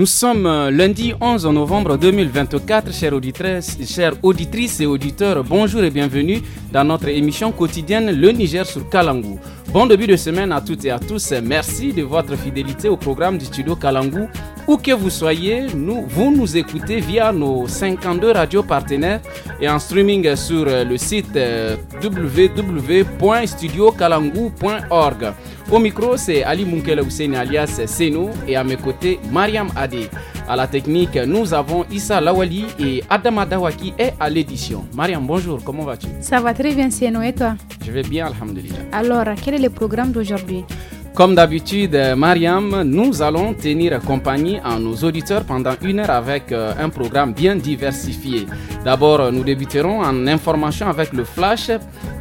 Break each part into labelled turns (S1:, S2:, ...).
S1: Nous sommes euh, lundi 11 novembre 2024, chères auditrices, chères auditrices et auditeurs, bonjour et bienvenue dans notre émission quotidienne Le Niger sur Kalangou. Bon début de semaine à toutes et à tous, merci de votre fidélité au programme du studio Kalangou où que vous soyez, nous, vous nous écoutez via nos 52 radios partenaires et en streaming sur euh, le site euh, www.studiokalangu.org. Au micro, c'est Ali Munkele Hussein alias Seno et à mes côtés, Mariam Adé. À la technique, nous avons Issa Lawali et Adama Dawaki est à l'édition. Mariam, bonjour, comment vas-tu
S2: Ça va très bien, Seno, et toi
S1: Je vais bien, Alhamdulillah.
S2: Alors, quel est le programme d'aujourd'hui
S1: comme d'habitude, Mariam, nous allons tenir compagnie à nos auditeurs pendant une heure avec euh, un programme bien diversifié. D'abord, nous débuterons en information avec le flash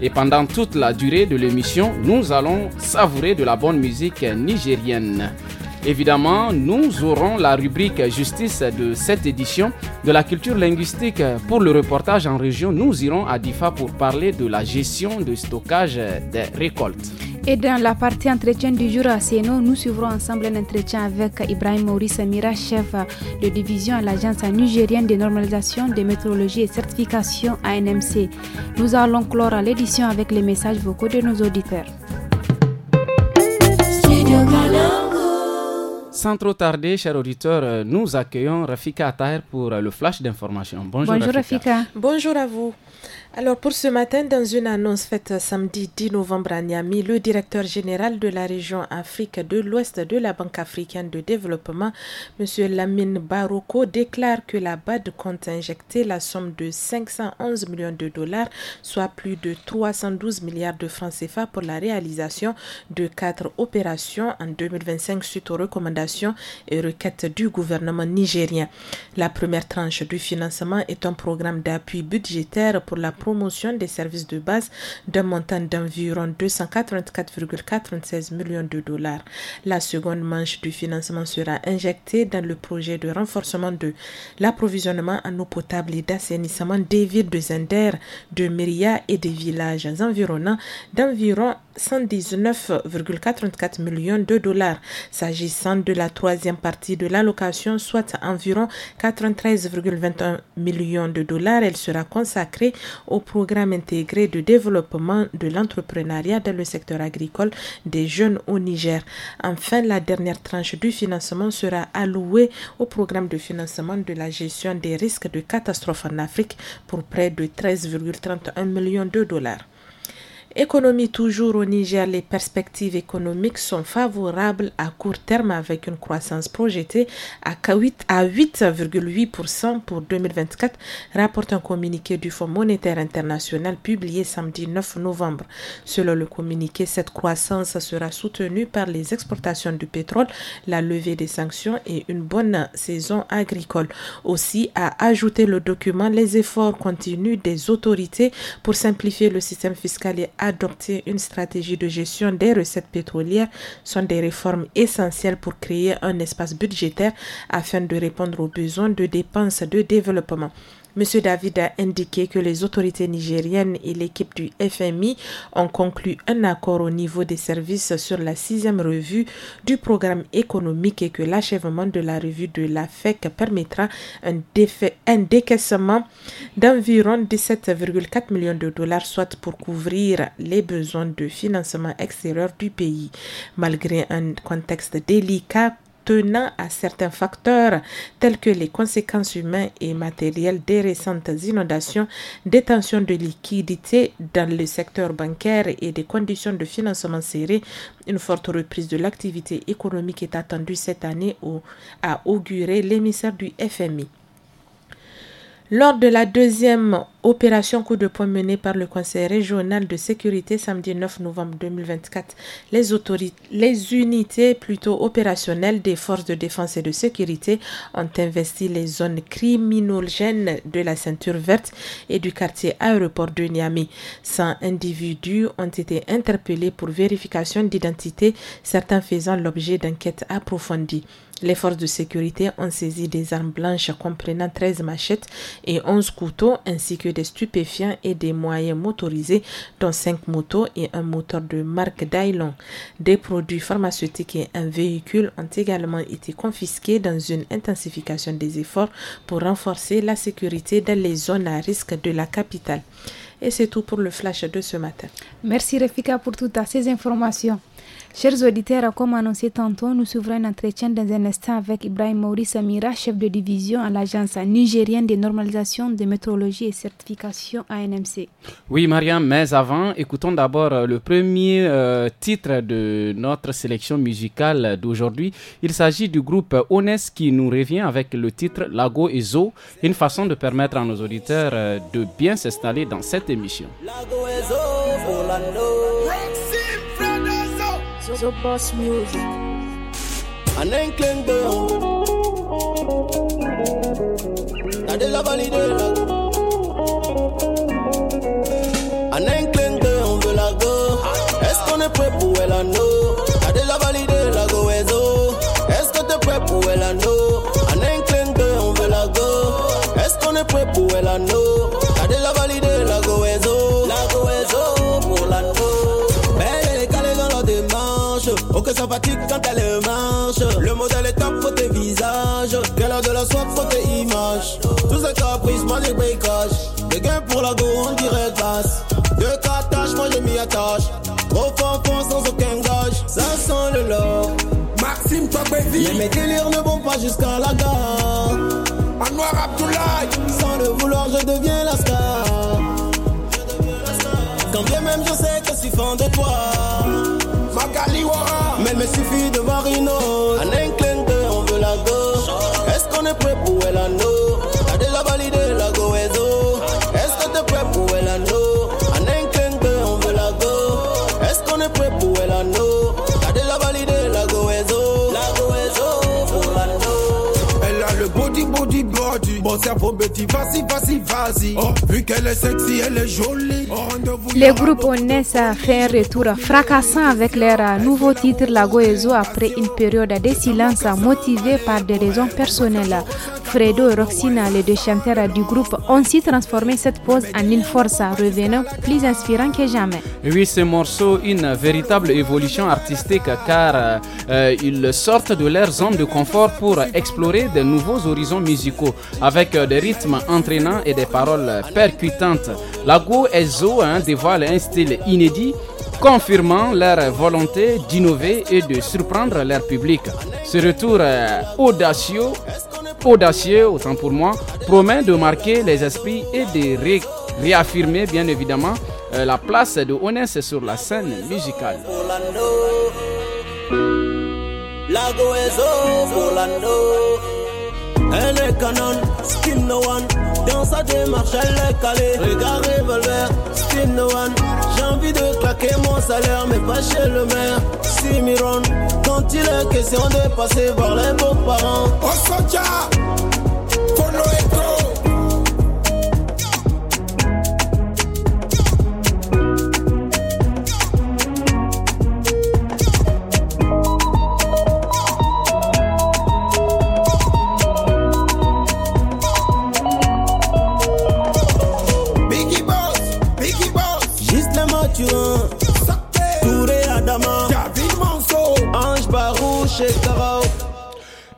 S1: et pendant toute la durée de l'émission, nous allons savourer de la bonne musique nigérienne. Évidemment, nous aurons la rubrique justice de cette édition de la culture linguistique. Pour le reportage en région, nous irons à Difa pour parler de la gestion de stockage des récoltes.
S2: Et dans la partie entretien du jour à CNO, nous suivrons ensemble un entretien avec Ibrahim Maurice Amira, chef de division à l'Agence nigérienne de normalisation de métrologie et certification ANMC. Nous allons clore l'édition avec les messages vocaux de nos auditeurs.
S1: Sans trop tarder, chers auditeurs, euh, nous accueillons Rafika Attaher pour euh, le flash d'information. Bonjour,
S3: Rafika. Bonjour à vous. Alors pour ce matin, dans une annonce faite samedi 10 novembre à Niamey, le directeur général de la région Afrique de l'Ouest de la Banque africaine de développement, M. Lamine Baroko, déclare que la BAD compte injecter la somme de 511 millions de dollars, soit plus de 312 milliards de francs CFA pour la réalisation de quatre opérations en 2025 suite aux recommandations et requêtes du gouvernement nigérien. La première tranche du financement est un programme d'appui budgétaire pour la promotion des services de base d'un montant d'environ 284,96 millions de dollars. La seconde manche du financement sera injectée dans le projet de renforcement de l'approvisionnement en eau potable et d'assainissement des villes de Zender, de Myria et des villages environnants d'environ 119,44 millions de dollars. S'agissant de de la troisième partie de l'allocation, soit environ 93,21 millions de dollars. Elle sera consacrée au programme intégré de développement de l'entrepreneuriat dans le secteur agricole des jeunes au Niger. Enfin, la dernière tranche du financement sera allouée au programme de financement de la gestion des risques de catastrophes en Afrique pour près de 13,31 millions de dollars. Économie toujours au Niger, les perspectives économiques sont favorables à court terme avec une croissance projetée à 8,8% pour 2024, rapporte un communiqué du Fonds monétaire international publié samedi 9 novembre. Selon le communiqué, cette croissance sera soutenue par les exportations du pétrole, la levée des sanctions et une bonne saison agricole. Aussi, a ajouté le document les efforts continus des autorités pour simplifier le système fiscal et adopter une stratégie de gestion des recettes pétrolières sont des réformes essentielles pour créer un espace budgétaire afin de répondre aux besoins de dépenses de développement. M. David a indiqué que les autorités nigériennes et l'équipe du FMI ont conclu un accord au niveau des services sur la sixième revue du programme économique et que l'achèvement de la revue de la FEC permettra un, un décaissement d'environ 17,4 millions de dollars, soit pour couvrir les besoins de financement extérieur du pays. Malgré un contexte délicat tenant à certains facteurs tels que les conséquences humaines et matérielles des récentes inondations, détention de liquidités dans le secteur bancaire et des conditions de financement serrées, une forte reprise de l'activité économique est attendue cette année a auguré l'émissaire du FMI. Lors de la deuxième opération coup de poing menée par le Conseil régional de sécurité samedi 9 novembre 2024, les, les unités plutôt opérationnelles des forces de défense et de sécurité ont investi les zones criminogènes de la ceinture verte et du quartier aéroport de Niamey. 100 individus ont été interpellés pour vérification d'identité, certains faisant l'objet d'enquêtes approfondies. Les forces de sécurité ont saisi des armes blanches comprenant 13 machettes et 11 couteaux ainsi que des stupéfiants et des moyens motorisés dont 5 motos et un moteur de marque Dylon. Des produits pharmaceutiques et un véhicule ont également été confisqués dans une intensification des efforts pour renforcer la sécurité dans les zones à risque de la capitale. Et c'est tout pour le flash de ce matin.
S2: Merci Refika pour toutes ces informations. Chers auditeurs, comme annoncé tantôt, nous ouvrons un entretien dans un instant avec Ibrahim Maurice Amira, chef de division à l'Agence nigérienne des normalisations de métrologie et certification ANMC.
S1: Oui, Mariam, mais avant, écoutons d'abord euh, le premier euh, titre de notre sélection musicale d'aujourd'hui. Il s'agit du groupe Ones qui nous revient avec le titre Lago et une façon de permettre à nos auditeurs euh, de bien s'installer dans cette émission.
S4: Lago et Zo, so boss music. And inkling bell. Now they love and they And inkling cling bell, will I go? Est-ce qu'on est prêt pour elle à nous? love and la go et zo. Est-ce que t'es prêt pour elle And then cling bell, will I go? Est-ce qu'on est prêt pour elle à nous? quand elle marche. Le modèle est top, faut tes visages. Galère de la soif, faut tes images. Tous ces caprices, moi les bricages. Des gains pour la go, on dirait glace. Deux cartages, moi je m'y attache. Gros fond, sans aucun gage. Ça sent le lot. Maxime, toi, baby. Mais mes délires ne vont pas jusqu'à la gare. Anwar Abdoulaye. Sans le vouloir, je deviens la star. Quand bien même je sais que je suis fan de toi. Mais il me suffit de voir une autre. un clin de on veut la go. Est-ce qu'on est prêt pour elle à nous? de la valider la go.
S2: Les groupes Onessa a fait un retour fracassant avec leur euh, nouveau titre La Ezo après une période de silence motivée par des raisons personnelles. Fredo et Roxina, les deux chanteurs du groupe, ont aussi transformé cette pause en une force revenant plus inspirant que jamais.
S1: Oui, ce morceau, une véritable évolution artistique car euh, euh, ils sortent de leur zone de confort pour explorer de nouveaux horizons musicaux avec de euh, des rythmes entraînants et des paroles percutantes. Lago et hein, dévoile un style inédit confirmant leur volonté d'innover et de surprendre leur public. Ce retour euh, audacieux, audacieux autant pour moi, promet de marquer les esprits et de réaffirmer bien évidemment euh, la place de Honest sur la scène musicale.
S4: Elle est canon, skin no one. Dans sa démarche, elle est calée. Regard revolver, skin no one. J'ai envie de claquer mon salaire, mais pas chez le maire. Simiron, quand il est question de passer voir les beaux-parents. On oh,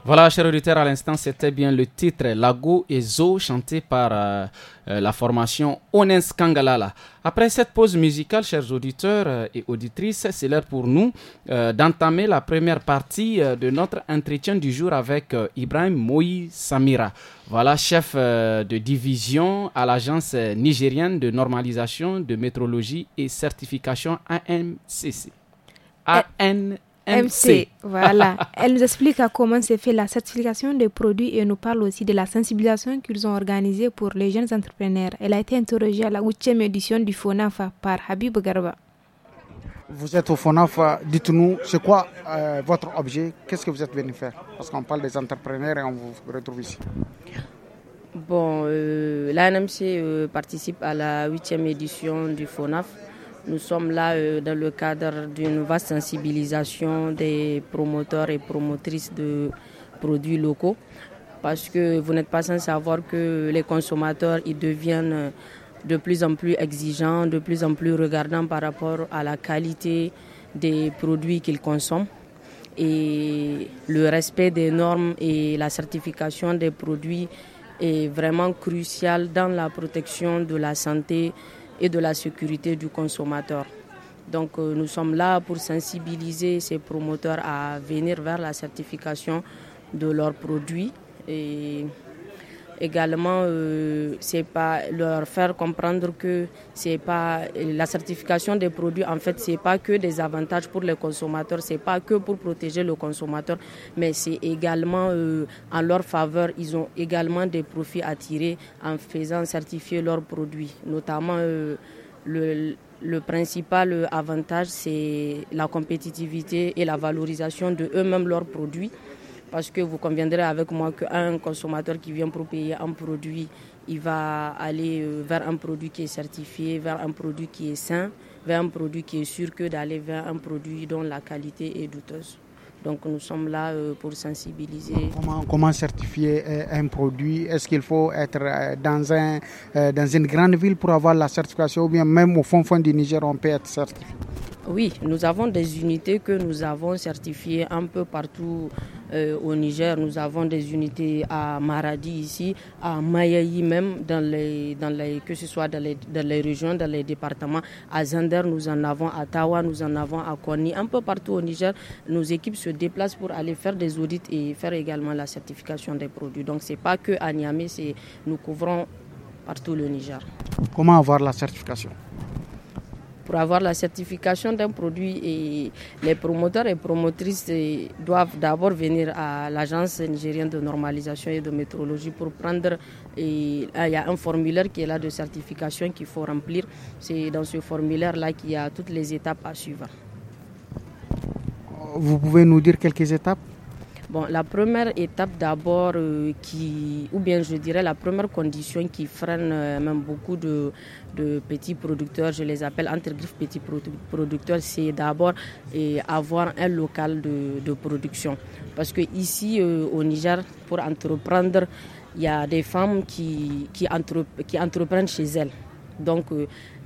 S1: Voilà, chers auditeurs, à l'instant, c'était bien le titre Lago et Zo chanté par euh, la formation Onens Kangalala. Après cette pause musicale, chers auditeurs euh, et auditrices, c'est l'heure pour nous euh, d'entamer la première partie de notre entretien du jour avec Ibrahim Moï Samira. Voilà, chef de division à l'Agence nigérienne de normalisation de métrologie et certification AMCC. ANCC. MC. Voilà.
S2: Elle nous explique comment s'est fait la certification des produits et nous parle aussi de la sensibilisation qu'ils ont organisée pour les jeunes entrepreneurs. Elle a été interrogée à la 8e édition du FONAF par Habib Garba.
S5: Vous êtes au FONAF, dites-nous, c'est quoi euh, votre objet Qu'est-ce que vous êtes venu faire Parce qu'on parle des entrepreneurs et on vous retrouve ici.
S6: Bon, euh, la l'ANMC euh, participe à la 8e édition du FONAF nous sommes là euh, dans le cadre d'une vaste sensibilisation des promoteurs et promotrices de produits locaux parce que vous n'êtes pas sans savoir que les consommateurs ils deviennent euh, de plus en plus exigeants, de plus en plus regardants par rapport à la qualité des produits qu'ils consomment et le respect des normes et la certification des produits est vraiment crucial dans la protection de la santé et de la sécurité du consommateur. Donc euh, nous sommes là pour sensibiliser ces promoteurs à venir vers la certification de leurs produits et Également, euh, c'est pas leur faire comprendre que c'est pas la certification des produits. En fait, c'est pas que des avantages pour les consommateurs, c'est pas que pour protéger le consommateur, mais c'est également euh, en leur faveur. Ils ont également des profits à tirer en faisant certifier leurs produits, notamment euh, le principal avantage, c'est la compétitivité et la valorisation de eux-mêmes leurs produits. Parce que vous conviendrez avec moi qu'un consommateur qui vient pour payer un produit, il va aller euh, vers un produit qui est certifié, vers un produit qui est sain, vers un produit qui est sûr que d'aller vers un produit dont la qualité est douteuse. Donc nous sommes là euh, pour sensibiliser.
S5: Comment, certifier euh, un produit Est-ce qu'il faut être dans, un, dans une grande ville pour avoir la certification ou bien même au fond fond du Niger on peut être certifié
S6: oui, nous avons des unités que nous avons certifiées un peu partout euh, au Niger. Nous avons des unités à Maradi ici, à Mayaï même, dans les, dans les, que ce soit dans les, régions, dans les départements. À Zander, nous en avons, à Tawa, nous en avons, à Koni. Un peu partout au Niger, nos équipes se déplacent pour aller faire des audits et faire également la certification des produits. Donc, ce n'est pas que à Niamey, nous couvrons partout le Niger.
S5: Comment avoir la certification
S6: pour avoir la certification d'un produit les promoteurs et promotrices euh, doivent d'abord venir à l'agence nigérienne de normalisation et de métrologie pour prendre ah, il y a un formulaire qui est là de certification qu'il faut remplir. C'est dans ce formulaire là qu'il y a toutes les étapes à suivre.
S5: Vous pouvez nous dire quelques étapes
S6: la première étape d'abord, euh, qui, ou bien je dirais la première condition qui freine euh, même beaucoup de, petits producteurs, je les appelle entre petits producteurs, c'est d'abord eh, avoir un local de, production. Parce que ici euh, au Niger, pour entreprendre, il y a des femmes qui, entre, qui entreprennent chez elles. Donc,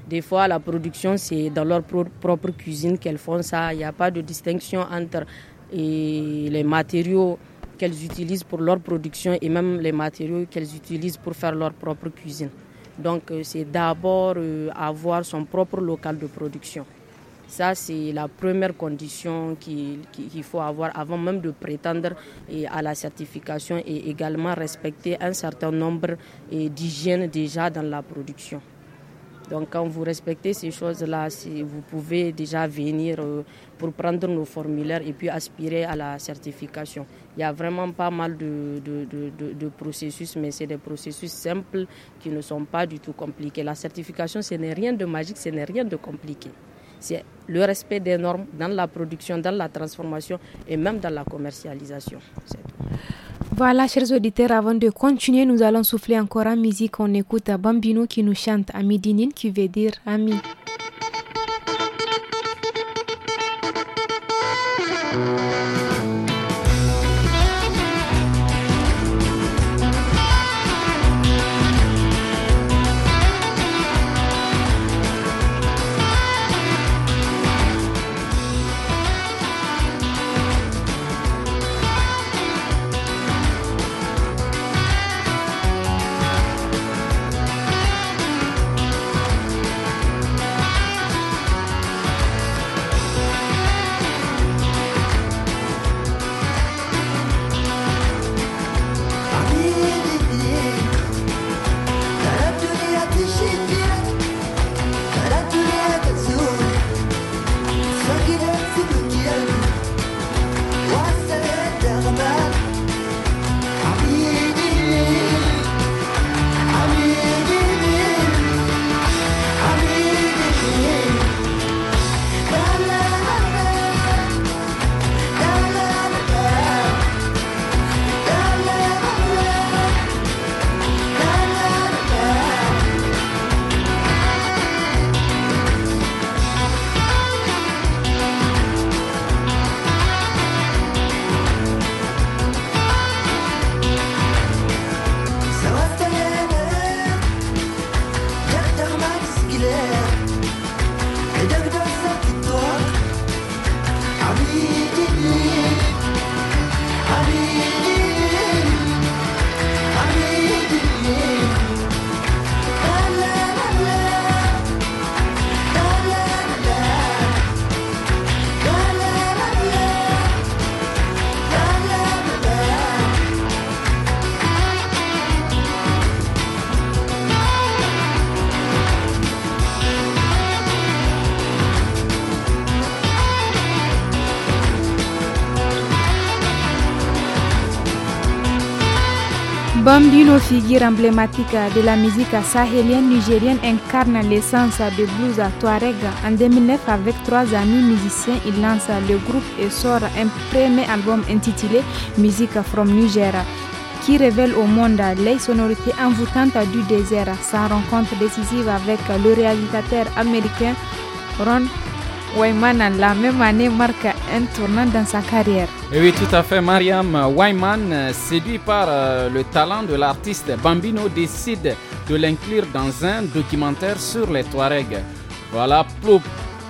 S6: des fois, la production, c'est dans leur propre cuisine qu'elles font ça. Il n'y a pas de distinction entre et les matériaux qu'elles utilisent pour leur production et même les matériaux qu'elles utilisent pour faire leur propre cuisine. Donc euh, c'est d'abord euh, avoir son propre local de production. Ça, c'est la première condition qu'il faut avoir avant même de prétendre à la certification et également respecter un certain nombre d'hygiène déjà dans la production. Donc quand vous respectez ces choses-là, si vous pouvez déjà venir euh, pour prendre nos formulaires et puis aspirer à la certification. Il y a vraiment pas mal de, processus, mais c'est des processus simples qui ne sont pas du tout compliqués. La certification, ce n'est rien de magique, ce n'est rien de compliqué. C'est le respect des normes dans la production, dans la transformation et même dans la commercialisation. C'est
S2: voilà, chers auditeurs, avant de continuer, nous allons souffler encore en musique. On écoute à Bambino qui nous chante Amidinine qui veut dire ami. figure emblématique de la musique sahélienne nigérienne incarne l'essence de blues à Touareg. En 2009, avec trois amis musiciens, il lance le groupe et sort un premier album intitulé Music from Nigeria qui révèle au monde les sonorités envoûtantes du désert. Sa rencontre décisive avec le réalisateur américain Ron Wyman la même année marque un tournant dans sa carrière.
S1: oui, tout à fait, Mariam Wyman, séduit par euh, le talent de l'artiste Bambino, décide de l'inclure dans un documentaire sur les Touaregs. Voilà,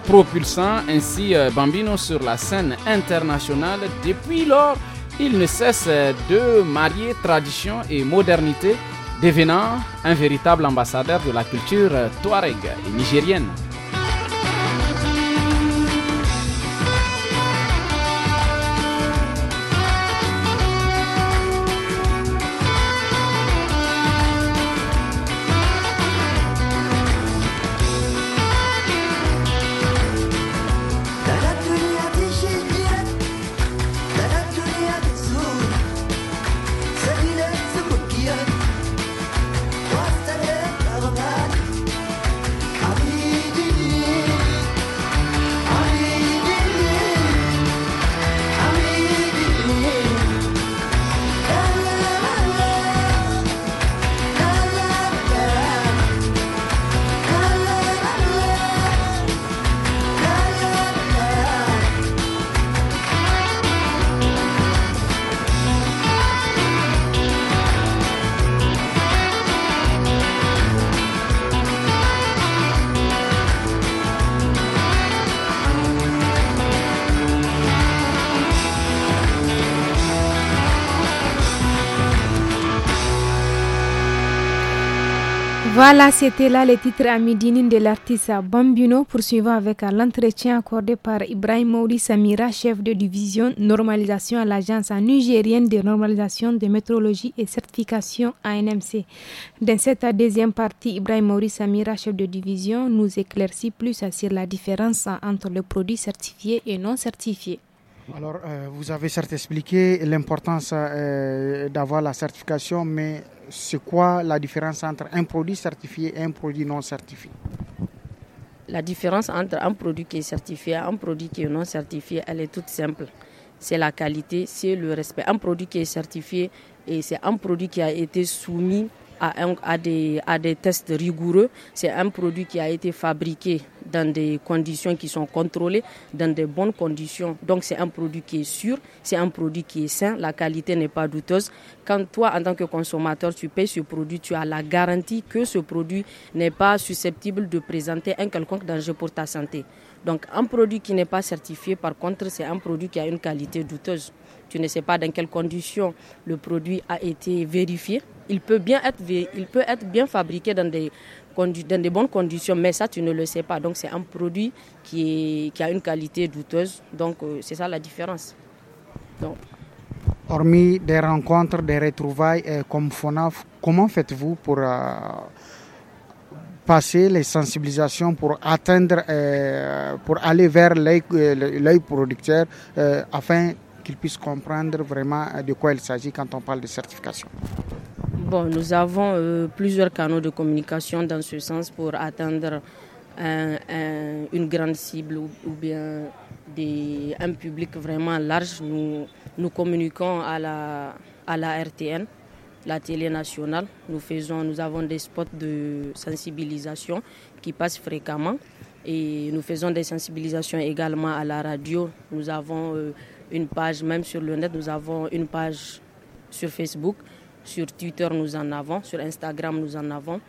S1: propulsant ainsi euh, Bambino sur la scène internationale. Depuis lors, il ne cesse euh, de marier tradition et modernité, devenant un véritable ambassadeur de la culture touareg et nigérienne.
S2: Voilà, c'était là le titre Midinine de l'artiste Bambino, poursuivant avec l'entretien accordé par Ibrahim Maurice Samira, chef de division normalisation à l'Agence nigérienne de normalisation de métrologie et certification ANMC. Dans cette deuxième partie, Ibrahim Maurice Samira, chef de division, nous éclaircit plus sur la différence entre le produit certifié et non certifiés.
S5: Alors, euh, vous avez certes expliqué l'importance euh, d'avoir la certification, mais c'est
S6: quoi la différence entre un produit certifié et un produit non certifié La différence entre un produit qui est certifié et un produit qui est non certifié, elle est toute simple. C'est la qualité, c'est le respect. Un produit qui est certifié, et c'est un produit qui a été soumis à, des, tests rigoureux. C'est un produit qui a été fabriqué dans des conditions qui sont contrôlées, dans de bonnes conditions. Donc c'est un produit qui est sûr, c'est un produit qui est sain, la qualité n'est pas douteuse. Quand toi, en tant que consommateur, tu payes ce produit, tu as la garantie que ce produit n'est pas susceptible de présenter un quelconque danger pour ta santé. Donc un produit qui n'est pas certifié, par contre, c'est un produit qui a une qualité douteuse tu ne sais pas dans quelles conditions le produit a été vérifié. Il peut bien être, il peut être bien fabriqué dans des, dans des bonnes conditions, mais ça, tu ne le sais pas. Donc, c'est un produit qui, qui a une qualité douteuse. Donc, euh, c'est ça la différence.
S5: Hormis des rencontres, des retrouvailles euh, comme FONAF, comment faites-vous pour euh, passer les sensibilisations pour atteindre, pour aller vers l'œil producteur afin qu'ils puissent comprendre vraiment euh, de quoi il s'agit quand on parle de certification.
S6: Bon, nous avons euh, plusieurs canaux de communication dans ce sens pour atteindre une grande cible ou, bien un public vraiment large. Nous, nous communiquons à la, à la RTN, la télé nationale. Nous, faisons, nous avons des spots de sensibilisation qui passent fréquemment et nous faisons des sensibilisations également à la radio. Nous avons. Euh, une page, même sur le net, nous avons une page sur Facebook, sur Twitter, nous en avons, sur Instagram, nous en avons.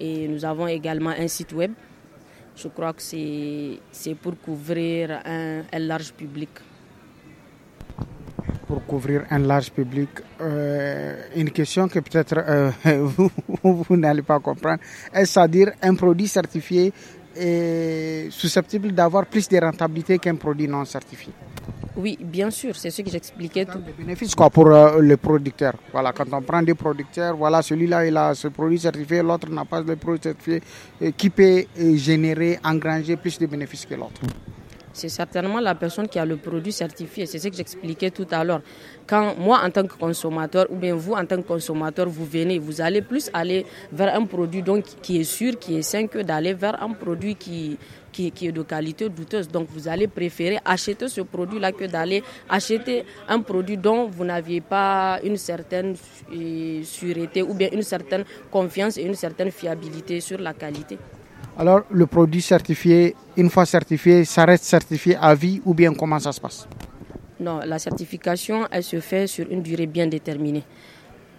S6: Et nous avons également un site web. Je crois que c'est pour couvrir un, large public.
S5: Pour couvrir un large public, euh, une question que peut-être euh, vous, vous n'allez pas comprendre. Est-ce à dire un produit certifié est susceptible d'avoir plus de rentabilité qu'un produit non certifié
S6: oui, bien sûr, c'est ce que j'expliquais. Des bénéfices quoi pour
S5: euh, les producteurs. Voilà, quand on prend des producteurs, voilà, celui-là il a ce produit certifié, l'autre n'a pas le produit certifié, et qui peut générer, engranger plus de bénéfices que l'autre
S6: c'est certainement la personne qui a le produit certifié. C'est ce que j'expliquais tout à l'heure. Quand moi, en tant que consommateur, ou bien vous, en tant que consommateur, vous venez, vous allez plus aller vers un produit donc, qui est sûr, qui est sain, que d'aller vers un produit qui, qui, qui, est de qualité douteuse. Donc, vous allez préférer acheter ce produit-là que d'aller acheter un produit dont vous n'aviez pas une certaine euh, sûreté ou bien une certaine confiance et une certaine fiabilité sur la qualité
S5: alors le produit certifié, une fois certifié, ça reste certifié à vie ou bien comment ça se passe
S6: Non, la certification, elle se fait sur une durée bien déterminée.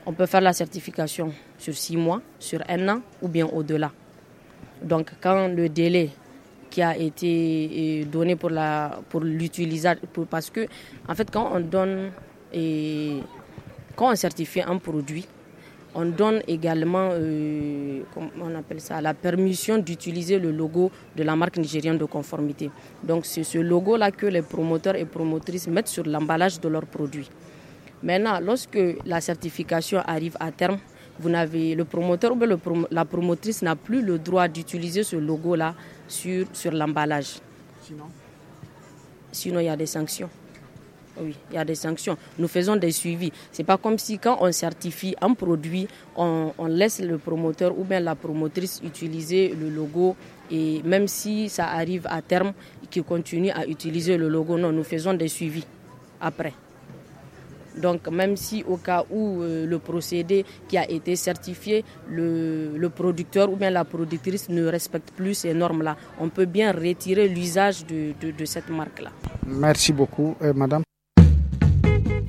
S6: On peut faire la certification sur six mois, sur un an ou bien au-delà. Donc quand le délai qui a été euh, donné pour la pour l'utilisation parce que en fait quand on donne et quand on certifie un produit on donne également, euh, on appelle ça, la permission d'utiliser le logo de la marque nigérienne de conformité. Donc c'est ce logo-là que les promoteurs et promotrices mettent sur l'emballage de leurs produits. Maintenant, lorsque la certification arrive à terme, vous n'avez le promoteur ou le la promotrice n'a plus le droit d'utiliser ce logo-là sur, sur l'emballage. Sinon Sinon, il y a des sanctions. Oui, il y a des sanctions. Nous faisons des suivis. C'est pas comme si quand on certifie un produit, on, laisse le promoteur ou bien la promotrice utiliser le logo et même si ça arrive à terme, qu'ils continuent à utiliser le logo. Non, nous faisons des suivis après. Donc même si au cas où euh, le procédé qui a été certifié, le, producteur ou bien la productrice ne respecte plus ces normes-là, on peut bien retirer l'usage de, cette marque-là.
S5: Merci beaucoup, euh, Madame.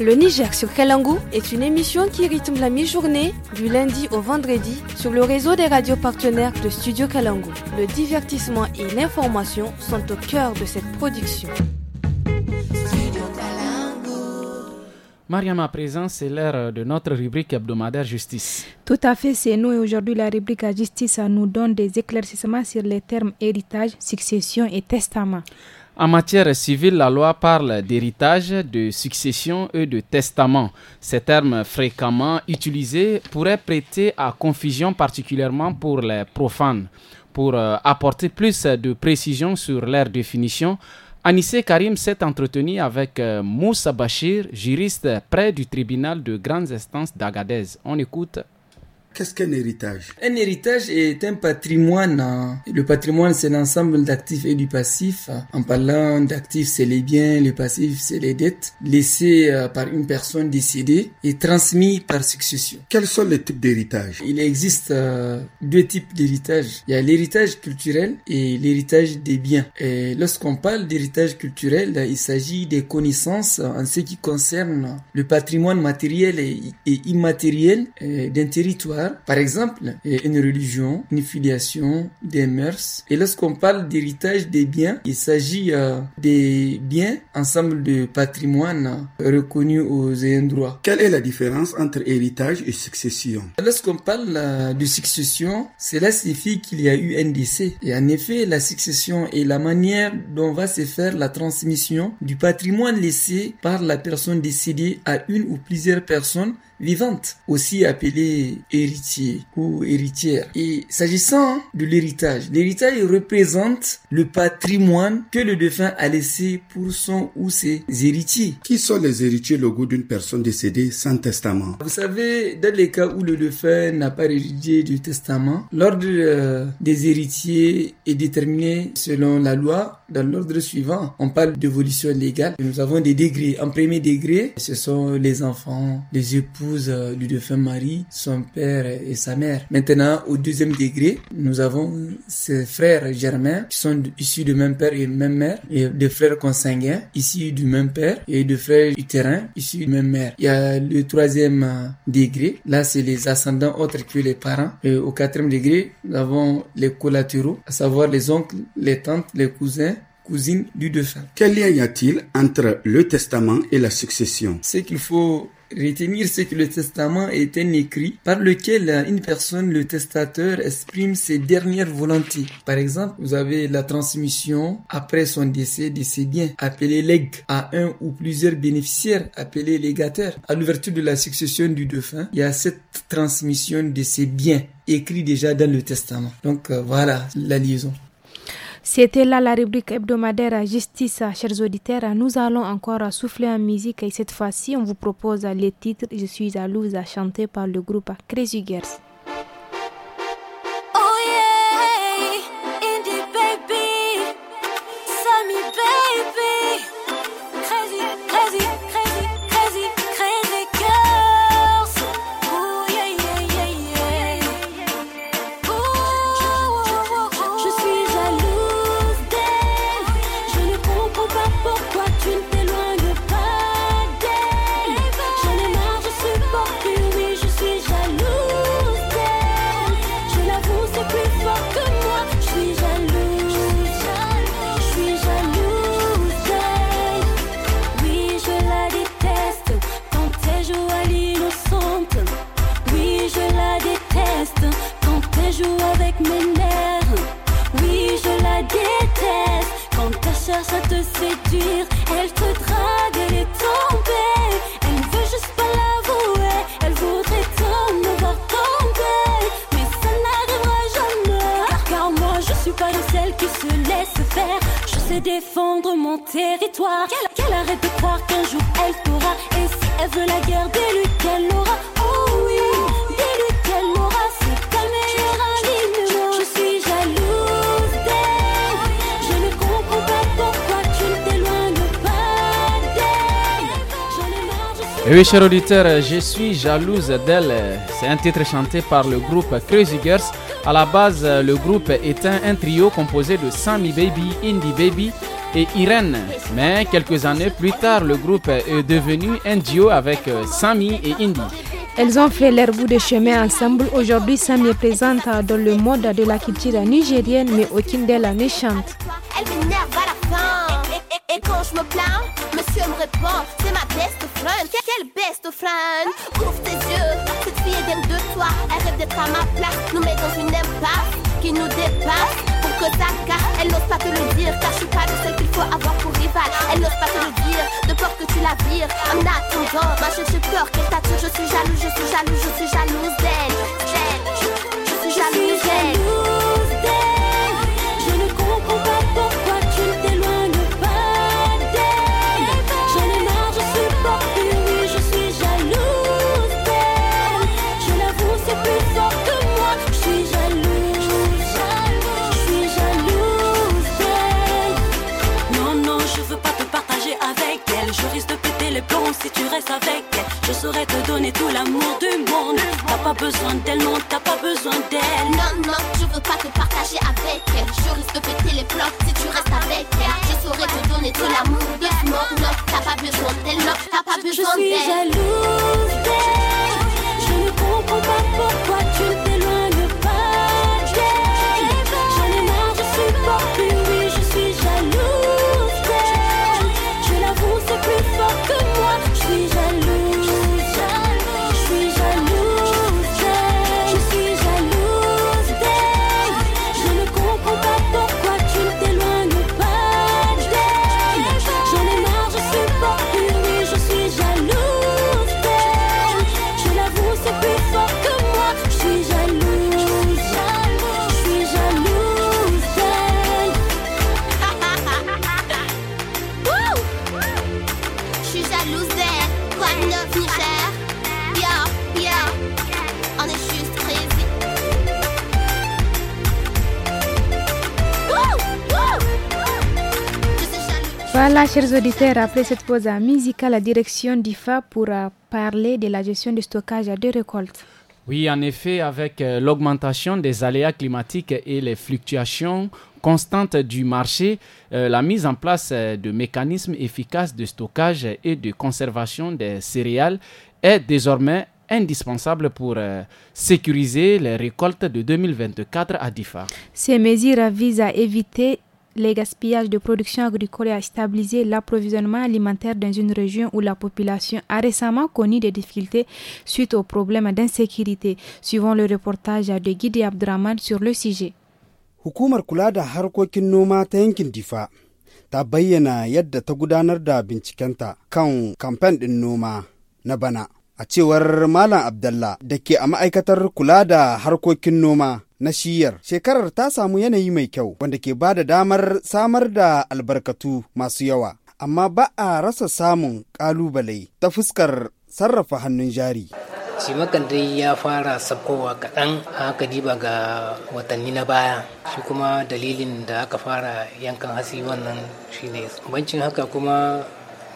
S7: Le Niger sur Kalangu est une émission qui rythme la mi-journée du lundi au vendredi sur le réseau des radios partenaires de Studio Kalangu. Le divertissement et l'information sont au cœur de cette production.
S1: Mariam, à présent, c'est l'heure de notre rubrique hebdomadaire justice.
S2: Tout à fait, c'est nous. Et aujourd'hui, la rubrique à justice nous donne des éclaircissements sur les termes héritage, succession et testament.
S1: En matière civile, la loi parle d'héritage, de succession et de testament. Ces termes fréquemment utilisés pourraient prêter à confusion particulièrement pour les profanes. Pour euh, apporter plus de précision sur leur définition, Anissé Karim s'est entretenu avec euh, Moussa Bachir, juriste près du tribunal de grandes instances d'Agadez. On écoute Qu'est-ce qu'un héritage
S8: Un héritage est un patrimoine. Le patrimoine, c'est l'ensemble d'actifs et du passif. En parlant d'actifs, c'est les biens, les passif, c'est les dettes laissées euh, par une personne décédée et transmises par succession. Quels sont les types d'héritage Il existe euh, deux types d'héritage. Il y a l'héritage culturel et l'héritage des biens. Et lorsqu'on parle d'héritage culturel, euh, il s'agit des connaissances en ce qui concerne le patrimoine matériel et immatériel d'un territoire Hein? Par exemple, une religion, une filiation, des mœurs. Et lorsqu'on parle d'héritage des biens, il s'agit euh, des biens, ensemble de patrimoine euh, reconnu aux ayants droit. Quelle est la différence entre héritage et succession Lorsqu'on parle euh, de succession, cela signifie qu'il y a eu un décès. Et en effet, la succession est la manière dont va se faire la transmission du patrimoine laissé par la personne décédée à une ou plusieurs personnes vivante, aussi appelée héritier ou héritière. Et s'agissant de l'héritage, l'héritage représente le patrimoine que le défunt a laissé pour son ou ses héritiers. Qui sont les héritiers logos d'une personne décédée sans testament Vous savez, dans les cas où le défunt n'a pas rédigé du testament, l'ordre euh, des héritiers est déterminé selon la loi dans l'ordre suivant, on parle d'évolution légale. Nous avons des degrés. En premier degré, ce sont les enfants, les épouses du défunt mari, son père et sa mère. Maintenant, au deuxième degré, nous avons ses frères germains qui sont issus du même père et même mère, et des frères consanguins issus du même père et des frères utérins issus du même mère. Il y a le troisième degré. Là, c'est les ascendants autres que les parents. Et au quatrième degré, nous avons les collatéraux, à savoir les oncles, les tantes, les cousins cousine du défunt. Quel lien y a-t-il entre le testament et la succession Ce qu'il faut retenir, c'est que le testament est un écrit par lequel une personne, le testateur, exprime ses dernières volontés. Par exemple, vous avez la transmission après son décès de ses biens, appelé legs, à un ou plusieurs bénéficiaires, appelés légataires. À l'ouverture de la succession du défunt, il y a cette transmission de ses biens, écrit déjà dans le testament. Donc euh, voilà la liaison.
S2: C'était là la rubrique hebdomadaire Justice, chers auditeurs. Nous allons encore souffler en musique et cette fois-ci, on vous propose les titres Je suis à chanter par le groupe Crazy Girls.
S1: Mes cher auditeur, je suis jalouse d'elle. C'est un titre chanté par le groupe Crazy Girls. À la base, le groupe était un trio composé de Sammy Baby, Indie Baby et Irene. Mais quelques années plus tard, le groupe est devenu un duo avec euh, Sammy et Indie.
S2: Elles ont fait leur bout de chemin ensemble. Aujourd'hui, Sammy est présente dans le mode de la culture nigérienne, mais aucune d'elles ne chante
S7: quand
S9: je me plains, monsieur me répond C'est ma best friend, quelle best friend Ouvre tes yeux, cette fille est dingue de toi Elle rêve d'être à ma place, nous met dans une impasse Qui nous dépasse, pour que ta carte, Elle n'ose pas te le dire, car je suis pas de qu'il faut avoir pour rival Elle n'ose pas te le dire, de peur que tu la vires En attendant, ma je suis peur qu'elle t'attire Je suis jaloux, je suis jalouse, je suis jalouse d'elle Je suis jalouse d'elle si tu restes avec Je saurais te donner tout l'amour du monde. T'as pas besoin d'elle, non, t'as pas besoin d'elle. Non, non, je veux pas te partager avec elle. Je risque de péter les plombs si tu restes avec elle. Je saurais te donner tout l'amour du monde. Non, t'as pas besoin d'elle, non, t'as pas besoin d'elle. Je suis jalouse Je ne comprends pas pourquoi tu
S10: Voilà,
S2: chers auditeurs, après cette pause musicale, la direction d'IFA pour euh, parler de la gestion du stockage de récoltes.
S1: Oui, en effet, avec euh, l'augmentation des aléas climatiques et les fluctuations constantes du marché, euh, la mise en place de mécanismes efficaces de stockage et de conservation des céréales est désormais indispensable pour sécuriser les récoltes de 2024 à DIFA.
S2: Ces mesures visent à éviter les gaspillages de production agricole a stabilisé l'approvisionnement alimentaire dans une région où la population a récemment connu des difficultés suite aux problèmes d'insécurité, suivant le reportage de Guidi Abdraman sur le sujet.
S11: na shiyar. Shekarar ta samu yanayi mai kyau wanda ke ba da damar samar da albarkatu masu yawa. Amma ba a rasa samun kalubale ta fuskar sarrafa hannun jari.
S12: cimakan dai ya fara sabkowa kaɗan a haka diba ga watanni na baya shi kuma dalilin da aka fara yankan hasi wannan shi ne bancin haka kuma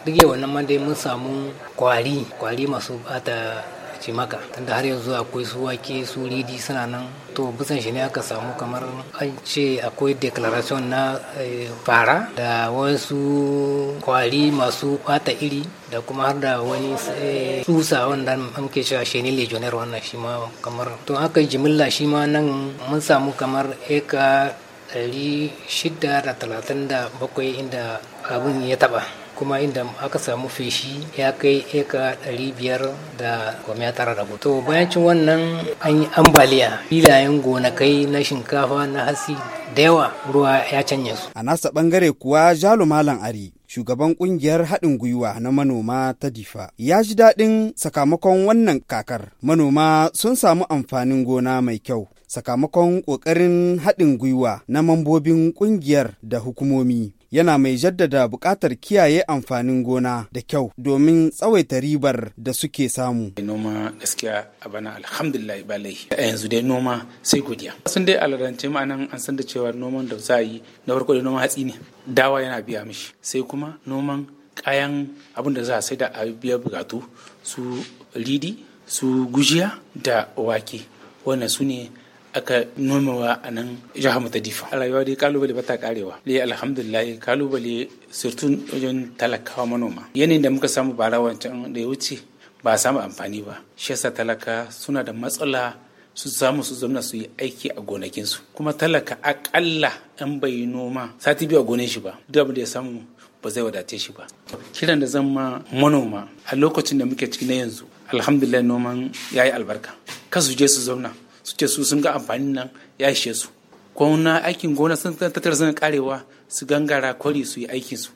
S12: duk wannan ma dai mun samu kwari kwari masu bata maka tunda har yanzu akwai su wake su ridi suna nan to bisan shi ne aka samu kamar an ce akwai declaration na eh, fara da wasu kwari masu bata iri da kuma har da wani eh, tsusa wanda muke cewa shi ne legionnaire wannan shi ma kamar to haka jimilla shi ma nan mun samu kamar eka 637 inda abin ya taba kuma inda aka samu feshi ya kai eka ɗari biyar da kwamiya tara da to bayan cin wannan an yi ambaliya filayen gonakai na shinkafa na hasi da yawa ruwa ya canye su
S11: a nasa bangare kuwa jalo malam ari shugaban kungiyar haɗin gwiwa na manoma ta difa ya ji daɗin sakamakon wannan kakar manoma sun samu amfanin gona mai kyau sakamakon ƙoƙarin haɗin gwiwa na mambobin ƙungiyar da hukumomi yana mai jaddada buƙatar kiyaye amfanin gona da kyau domin tsawaita ribar da suke samu. Noma
S13: gaskiya a bana alhamdulillah ba laifi. A yanzu dai noma sai godiya. Sun dai alarance ma'anan an san da cewa noman da za a yi na farko da noma hatsi ne. Dawa yana biya mishi sai kuma noman kayan abin da za a sai da a biya bukatu su ridi su gujiya da wake wannan su ne aka nomawa a nan jihar mu ta difa a rayuwa dai kalubale ba ta karewa Lai alhamdulillah kalubale surtun wajen talakawa manoma yanayin da muka samu bara wancan da ya wuce ba a samu amfani ba shesa talaka suna da matsala su samu su zauna su yi aiki a gonakinsu kuma talaka akalla an bai noma sati biyu a gonin shi ba duk da ya samu ba zai wadace shi ba kiran da zan ma manoma a lokacin da muke ciki na yanzu alhamdulillah noman yayi albarka kasu je su zauna su ce su sun ga amfanin nan ya ishe su gona aikin gona sun tattara suna karewa su gangara kwari su yi aikin su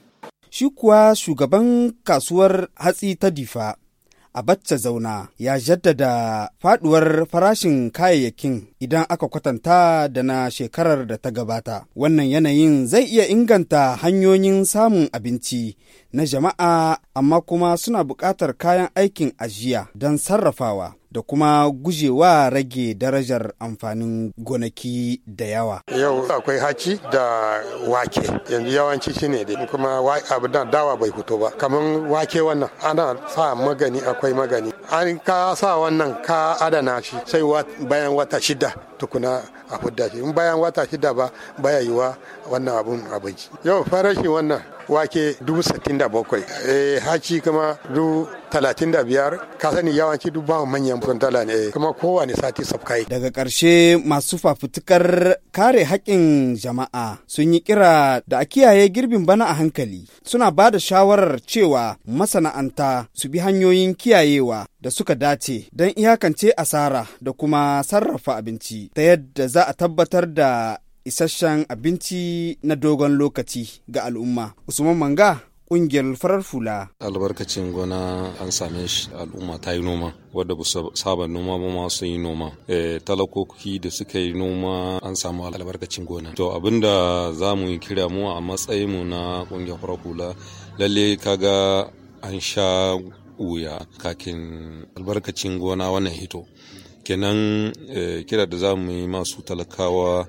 S11: shi kuwa shugaban kasuwar hatsi ta difa a bacca Zauna ya jaddada faduwar farashin kayayyakin idan aka kwatanta da na shekarar da ta gabata. Wannan yanayin zai iya inganta hanyoyin samun abinci na jama'a amma kuma suna buƙatar kayan aikin ajiya don sarrafawa. da kuma gujewa rage darajar amfanin gonaki da yawa.
S13: Yau akwai haci da wake yanzu yawanci ne dai kuma abu da dawa bai fito ba kamar wake wannan ana sa magani akwai magani an ka sa wannan ka adana shi sai bayan wata shida tukuna a fudda shi in bayan wata shida ba baya yiwa wannan abun abinci yau farashin wannan wake dubu sittin da bakwai eh, haci kuma dubu talatin da biyar ka sani yawanci duk bawa manyan tala ne kuma kowane sati
S11: sabkai daga ƙarshe masu fafutukar kare haƙƙin jama'a sun yi kira da a kiyaye girbin bana a hankali suna ba da shawarar cewa masana'anta su bi hanyoyin kiyayewa da suka dace don iyakance asara da kuma sarrafa abinci ta yadda za a tabbatar da isasshen abinci na dogon lokaci ga al'umma. Usman Manga ƙungiyar farar fula.
S4: Albarkacin gona an same shi al'umma ta yi noma wadda ba saba noma ba ma sun yi noma. Eh, talakoki da suka yi noma an samu albarkacin gona. To abinda za mu yi kira mu a matsayin mu na ƙungiyar farar fula lalle kaga an sha wuya kakin albarkacin gona wannan hito. kenan eh, kira da za mu yi masu talakawa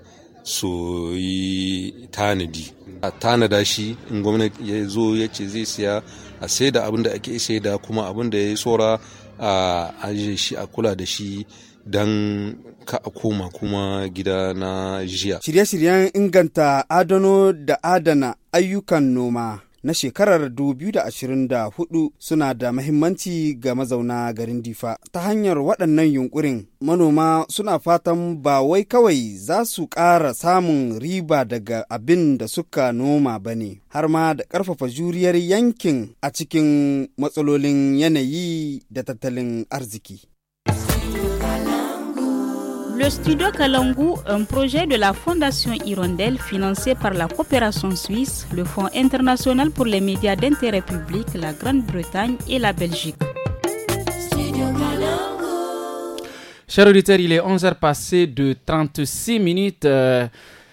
S4: su yi tanadi a tanada shi in gwamnati ya zo ya ce zai siya a saida abin da ake saida kuma abin da ya yi tsora a ajiye shi a kula da shi don ka a koma kuma gida na jiya
S11: shirye-shiryen inganta adano da adana ayyukan noma na shekarar 2024 suna da mahimmanci ga mazauna garin Difa. Ta hanyar waɗannan yunkurin manoma suna fatan ba wai kawai za su ƙara samun riba daga abin da suka noma ba ne, har ma da ƙarfafa juriyar yankin a cikin matsalolin yanayi da tattalin arziki.
S14: Le studio Kalangu, un projet de la Fondation Hirondelle financé par la coopération suisse, le Fonds international pour les médias d'intérêt public, la Grande-Bretagne et la Belgique.
S1: Chers auditeurs, il est 11h passé de 36 minutes. Euh,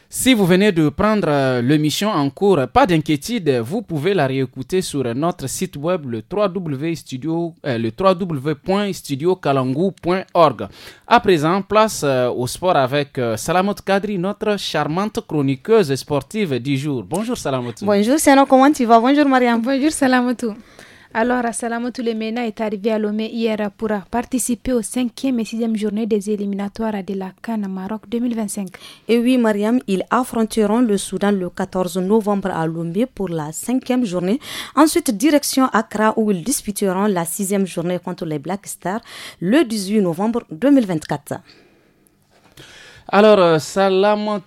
S1: si vous venez de prendre euh, l'émission en cours, pas d'inquiétude, vous pouvez la réécouter sur notre site web le www.studiocalangou.org. Euh, kalanguorg à présent, place euh, au sport avec Salamot Kadri, notre charmante chroniqueuse sportive du jour. Bonjour Salamot.
S15: Bonjour Sano, comment tu vas Bonjour Mariam. Bonjour
S2: Salamot. Alors, Salamou Lemena est arrivé à Lomé hier pour participer aux 5 et sixième journée journées des éliminatoires de la Cannes Maroc 2025.
S15: Et oui, Mariam, ils affronteront le Soudan le 14 novembre à Lomé pour la cinquième journée. Ensuite, direction Accra où ils disputeront la sixième journée contre les Black Stars le 18 novembre 2024.
S1: Alors, euh,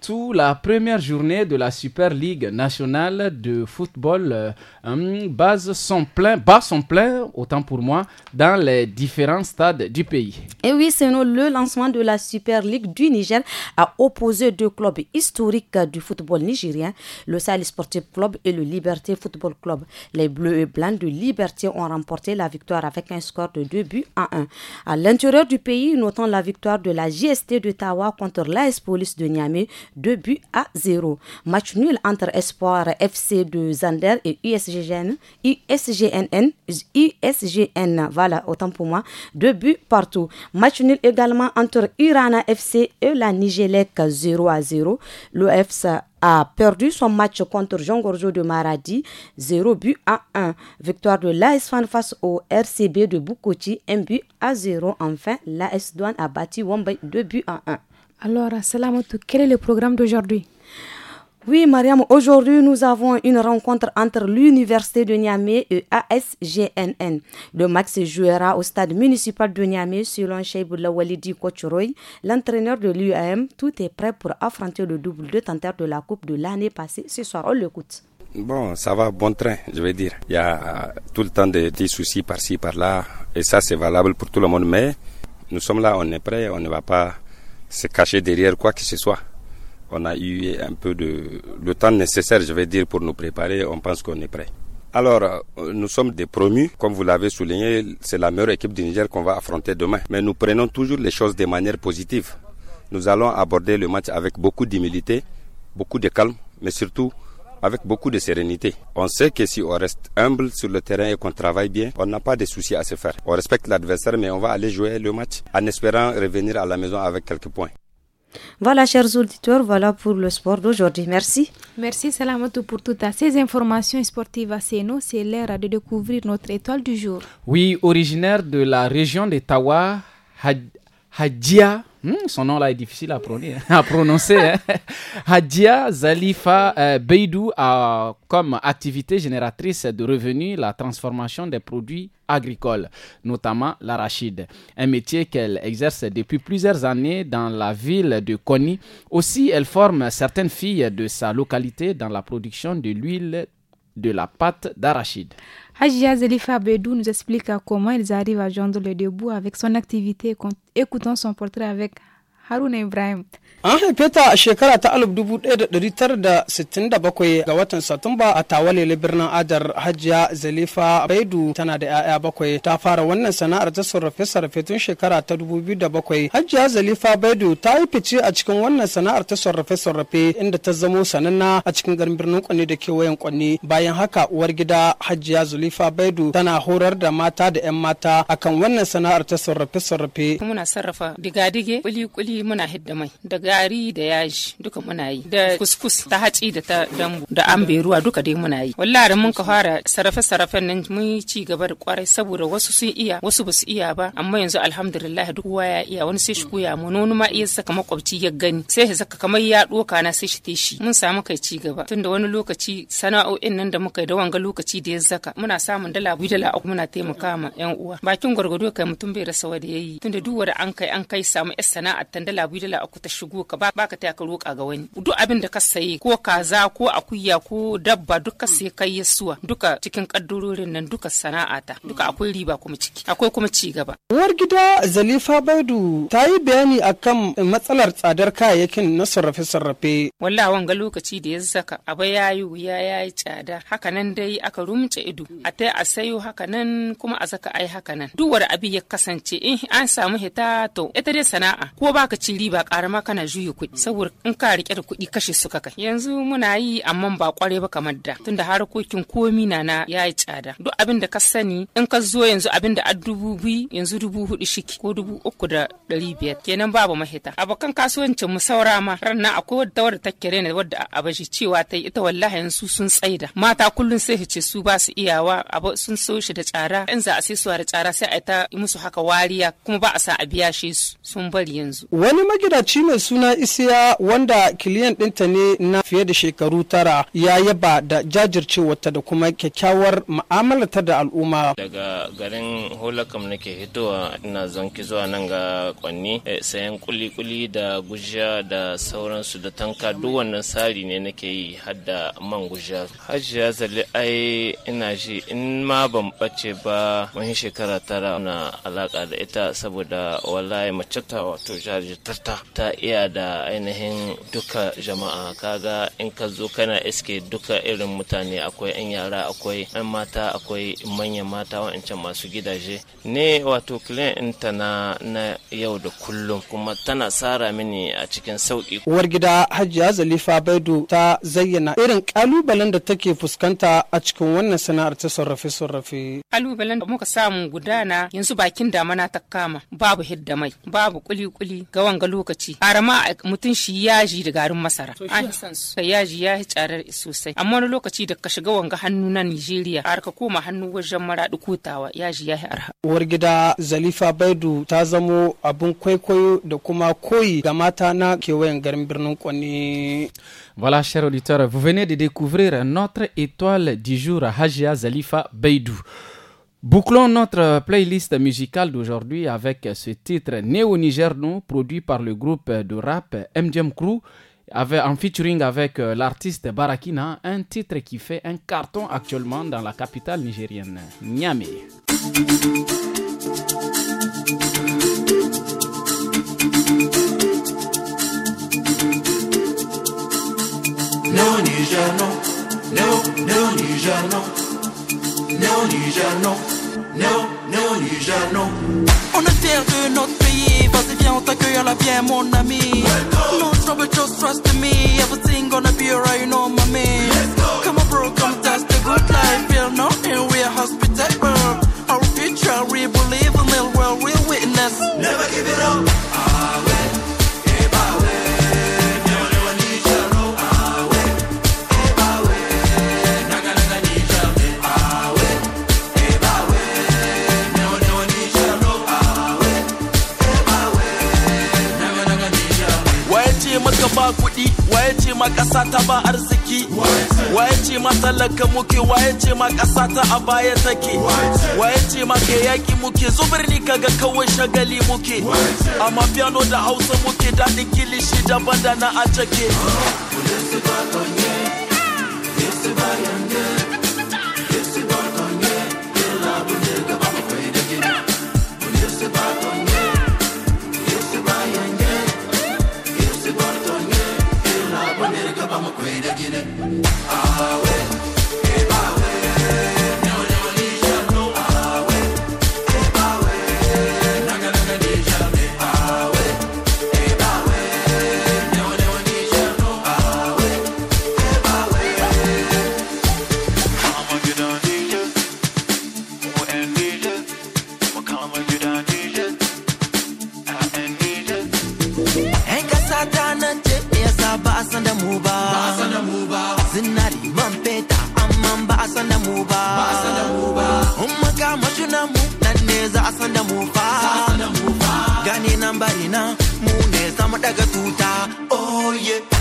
S1: tout. la première journée de la Super League nationale de football euh, hum, base son plein, bas son plein, autant pour moi, dans les différents stades du pays.
S15: Et oui, c'est le lancement de la Super Ligue du Niger a opposé deux clubs historiques du football nigérien, le Sahel Sportif Club et le Liberté Football Club. Les Bleus et Blancs de Liberté ont remporté la victoire avec un score de 2 buts à 1. À l'intérieur du pays, notons la victoire de la JST de Tawa contre l'AS Police de Niamey 2 buts à 0. Match nul entre Espoir FC de Zander et USGN, USGNN, voilà, autant pour moi, 2 buts partout. Match nul également entre Irana FC et la Nigelec 0 à 0. le L'OFC a perdu son match contre Jean Gorgeau de Maradi, 0 but à 1. Victoire de l'AS Fan face au RCB de Bukoti, 1 but à 0. Enfin, l'AS Douane a battu Wombay, 2 buts à 1. Alors, Salamatou, quel est le programme d'aujourd'hui oui, Mariam, aujourd'hui, nous avons une rencontre entre l'Université de Niamey et ASGNN. Le match se jouera au stade municipal de Niamey selon Cheibou walidi Kochoroy, l'entraîneur de l'UAM. Tout est prêt pour affronter le double détenteur de la Coupe de l'année passée. Ce soir, on l'écoute.
S16: Bon, ça va, bon train, je veux dire. Il y a tout le temps des soucis par-ci, par-là. Et ça, c'est valable pour tout le monde. Mais nous sommes là, on est prêt, on ne va pas se cacher derrière quoi que ce soit. On a eu un peu de le temps nécessaire, je vais dire, pour nous préparer. On pense qu'on est prêt. Alors, euh, nous sommes des promus. Comme vous l'avez souligné, c'est la meilleure équipe du Niger qu'on va affronter demain. Mais nous prenons toujours les choses de manière positive. Nous allons aborder le match avec beaucoup d'humilité, beaucoup de calme, mais surtout avec beaucoup de sérénité. On sait que si on reste humble sur le terrain et qu'on travaille bien, on n'a pas de soucis à se faire. On respecte l'adversaire, mais on va aller jouer le match en espérant revenir à la maison avec quelques points.
S15: Voilà, chers auditeurs, voilà pour le sport d'aujourd'hui. Merci.
S2: Merci, Salamatou, pour toutes ces informations sportives à nous. C'est l'heure de découvrir notre étoile du jour.
S1: Oui, originaire de la région de Tawa, Hadjia Hmm, son nom là est difficile à, hein, prononcer. Hein. Hadia Zalifa euh, Beidou a comme activité génératrice de revenus la transformation des produits agricoles, notamment l'arachide, un métier qu'elle exerce depuis plusieurs années dans la ville de Koni. Aussi, elle forme certaines filles de sa localité dans la production de l'huile de la pâte d'arachide.
S2: Hajia Zelifa Bedou nous explique comment ils arrivent à joindre le debout avec son activité. écoutant son portrait avec Haruna Ibrahim.
S16: An haife ta a shekara ta 1967 ga watan Satumba a Tawalele birnin Adar Hajiya Zalifa Baidu tana da 'ya'ya bakwai ta fara wannan sana'ar ta sarrafe-sarrafe tun shekara ta 2007. Hajiya Zalifa Baidu ta yi fice a cikin wannan sana'ar ta sarrafe-sarrafe inda ta zamo sananna a cikin garin birnin Kwanne da kewayen Kwanne. Bayan haka uwar gida Hajiya Zalifa Baidu tana horar da mata da 'yan mata akan wannan sana'ar ta sarrafe-sarrafe.
S17: Muna sarrafa diga-dige, kuli-kuli muna hidda mai da gari da yaji duka muna yi da kuskus ta hatsi da ta dambu da ruwa duka dai muna yi wallahi mun ka fara sarafe sarafen nan mun ci gaba da kwarai saboda wasu sun iya wasu basu iya ba amma yanzu alhamdulillah duk kowa ya iya wani sai shi koya mu wani ma iya saka makwabci ya gani sai shi saka kamar ya doka na sai shi mun samu kai ci gaba tunda wani lokaci sana'o'in nan da muka yi da wanga lokaci da ya zaka muna samun dala biyu dala uku muna taimaka ma yan uwa bakin gwargwado kai mutum bai rasa da yayi tunda duk wanda an kai an kai samu yan sana'a tan dala biyu dala uku ta shigo ka ba ka taya ka roƙa ga wani duk abin da ka sayi ko kaza ko akuya ko dabba duka sai kai suwa. duka cikin kaddurorin nan duka sana'a ta duka akwai riba kuma ciki akwai kuma ci gaba
S16: uwar gida Zalifa Baidu ta yi bayani akan matsalar tsadar kayayyakin na sarrafe-sarrafe
S17: wallahi wanga lokaci da ya zaka abu ya yi wuya ya yi tsada haka nan dai aka rumce ido a ta a sayo haka nan kuma a zaka ai haka nan duwar abin ya kasance in an samu hita to ita dai sana'a ko baka ci riba karama kana juyi kuɗi saboda in ka rike da kuɗi kashe suka kai yanzu muna yi amma ba kware ba kamar da tunda harkokin komi na na ya yi tsada duk abin da ka sani in ka zo yanzu abin da an dubu biyu yanzu dubu hudu shiki ko dubu uku da ɗari biyar kenan babu mahita abokan kasuwancin mu saura ma ranna akwai wadda wadda ta kere ne wadda a bashi cewa ta ita wallahi yanzu sun tsaida mata kullum sai ce su ba su iyawa abu sun so shi da tsara in za a sai su da tsara sai a ta musu haka wariya kuma ba a sa a biya shi sun bari yanzu
S16: wani magidaci mai suna isiya wanda kiliyan ɗinta ne na fiye da shekaru tara ya yaba da jajircewarta da kuma kyakkyawar ma'amalata da al'umma
S4: daga garin holakam nake hitowa ina zonki zuwa nan ga kwanni eh, sayan kuli-kuli da gujiya da sauransu da tanka duk wannan tsari ne nake yi har man gujiya hajiya zali ai ina ji in ma ban bace ba mun shekara tara na alaka da ita saboda wallahi mace ta wato ta iya da ainihin duka jama'a kaga in ka zo kana iske duka irin mutane akwai 'yan yara akwai 'yan mata akwai manyan mata wa'ancan masu gidaje ne wato client ta na na yau da kullum kuma tana sara mini a cikin sauki
S16: uwar gida hajiya zalifa baidu ta zayyana irin ƙalubalen da take fuskanta a cikin wannan sana'ar ta sarrafe sarrafe
S17: kalubalen da muka samu gudana yanzu bakin damana ta kama babu hidda mai babu kuli kuli ga wanga lokaci arama mutum shi yaji da garin masara an san su yaji ya tsarar sosai amma wani lokaci da ka shiga wanga hannu na Nigeria har ka koma hannu wajen maradi kotawa yaji ya arha
S16: uwar gida Zalifa Baidu ta zamo abun
S1: kwaikwayo da kuma
S16: koyi ga mata na kewayen garin birnin Kwani
S1: Voilà, chers auditeurs, vous venez de découvrir notre étoile du jour, Hajia Zalifa Beidou. Bouclons notre playlist musicale d'aujourd'hui avec ce titre néo-nigerno produit par le groupe de rap MGM Crew en featuring avec euh, l'artiste Barakina, un titre qui fait un carton actuellement dans la capitale nigérienne, Niamey.
S4: Néo-nigerno, néo, nigerno nigerno non, Niger, non. Non, non, Niger, non. On est fiers de notre pays. Vas-y, viens, on t'accueillera bien, mon ami. No trouble, just trust in me. Everything gonna be alright, you know, mommy. Come on, bro, come test the good life. Feel no, here we are hospital. ƙasa ta ba arziki waye ce ma talaka muke waye ce ma ƙasa ta a baya take waye ce ma ke yaƙi muke zubirni kaga kawai shagali muke amma piano da hausa muke daɗin kilishi daban da na a cake. liking it. na mufa gane nan bari na mune sama daga tuta oh yeah